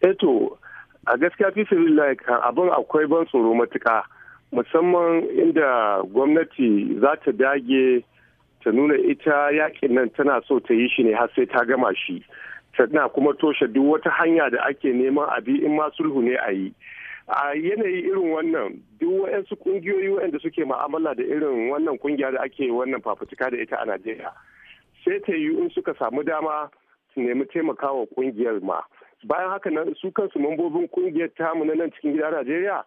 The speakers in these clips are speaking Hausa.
eto eh, a gaskiya fi abin akwai ban tsoro matuka musamman inda gwamnati za ta dage ta nuna ita yakin nan tana so ta yi shi ne har sai ta gama shi tana kuma toshe duk wata hanya da ake neman abi in ma sulhu ne a yi a yanayi irin wannan duk wa'yansu kungiyoyi wa'yanda suke ma'amala da irin wannan kungiya da ake wannan fafutuka da ita a najeriya sai ta yi in suka samu dama su nemi taimakawa kungiyar ma bayan haka nan su kansu mambobin kungiyar tamu na nan cikin gida najeriya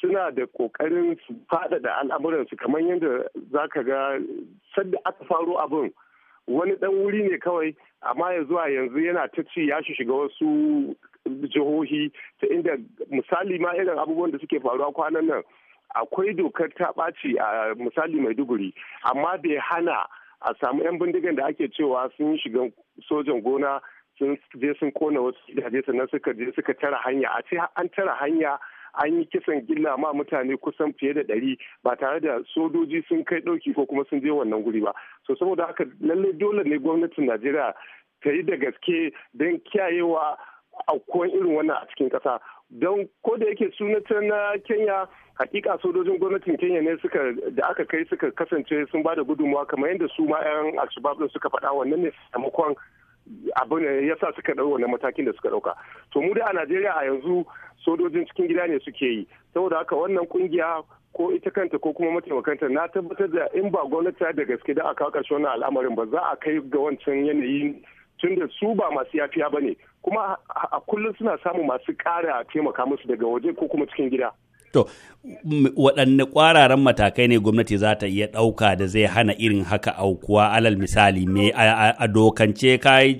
suna da kokarin su faɗaɗa al'amuransu kamar yadda za ka ga sadda aka faro abin wani dan wuri ne kawai amma ya zuwa yanzu yana ta ci ya shiga wasu jihohi ta inda misali ma irin abubuwan da suke faruwa kwanan nan akwai dokar ta ɓaci a misali maiduguri amma bai hana a samu 'yan bindigan da ake cewa sun shiga sojan gona sun je sun kona wasu gidaje sannan suka je suka tara hanya a ce an tara hanya an yi kisan gilla ma mutane kusan fiye da ɗari ba tare da sojoji sun kai ɗauki ko kuma sun je wannan guri ba so saboda haka lallai dole ne gwamnatin najeriya ta yi da gaske don kiyayewa kowane irin wannan a cikin ƙasa don ko da yake ta na kenya hakika sojojin gwamnatin kenya ne suka da aka kai suka kasance sun ba da gudunmawa kamar yadda su ma 'yan alshabab suka faɗa wannan ne sakamakon abin ya sa suka ɗau wannan matakin da suka ɗauka to mu da a najeriya a yanzu sojojin cikin gida ne suke yi saboda haka wannan kungiya ko ita kanta ko kuma mataimakanta na tabbatar da in ba gwamnati da gaske da aka kawo wannan al'amarin ba za a kai ga wancan yanayin tun da su ba masu yafiya ba ne kuma a kullum suna samun masu ƙara taimaka musu daga waje ko kuma cikin gida To, waɗanne ƙwararren matakai ne gwamnati za ta iya ɗauka da zai hana irin haka aukuwa alal misali me a dokance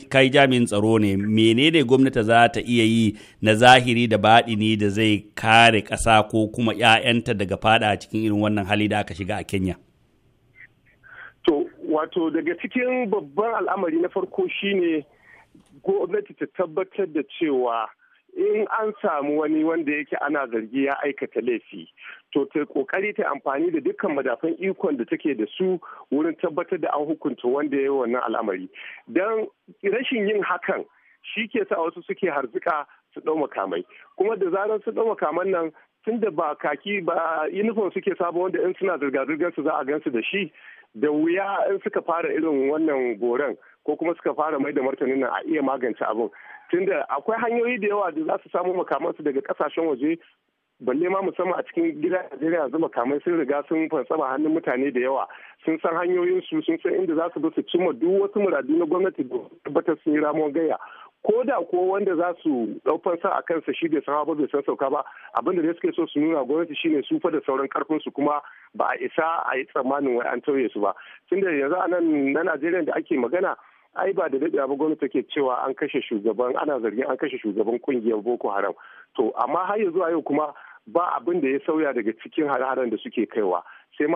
kai jami'in tsaro ne menene gwamnati za ta iya yi na zahiri da baɗi baɗini da zai kare ƙasa ko kuma 'ya'yanta daga fada cikin irin wannan hali da aka shiga a Kenya? To, wato daga cikin babban al'amari na farko shine gwamnati ta tabbatar da cewa in an samu wani wanda yake ana zargi ya aikata laifi to ta kokari ta amfani da dukkan madafan ikon da take da su wurin tabbatar da an hukunta wanda ya yi wannan al'amari don rashin yin hakan shi ke sa wasu suke harzuka su ɗau makamai kuma da zarar su ɗau makaman nan tun da ba kaki ba uniform suke sabo wanda in suna zirga-zirgar su za a gansu da shi da wuya in suka fara irin wannan goron ko kuma suka fara mai da martanin nan a iya magance abin tunda akwai hanyoyi da yawa da za su samu makamansu daga kasashen waje balle ma musamman a cikin gida Najeriya yanzu makamai sun riga sun fansama hannun mutane da yawa sun san hanyoyin su sun san inda za su bi su cimma duk wasu muradu na gwamnati da tabbatar sun yi ramon gaya ko da ko wanda za su dau sa a kansa shi bai san ba bai san sauka ba abinda da suke so su nuna gwamnati shine su fa da sauran karfin su kuma ba a isa a yi tsammanin wai an tauye su ba tunda yanzu a nan na Najeriya da ake magana ai ba da daɗewa ba gwamnati take cewa an kashe shugaban ana zargin an kashe shugaban kungiyar boko haram to amma har yanzu a yau kuma ba abin da ya sauya daga cikin hare-haren da suke kaiwa sai ma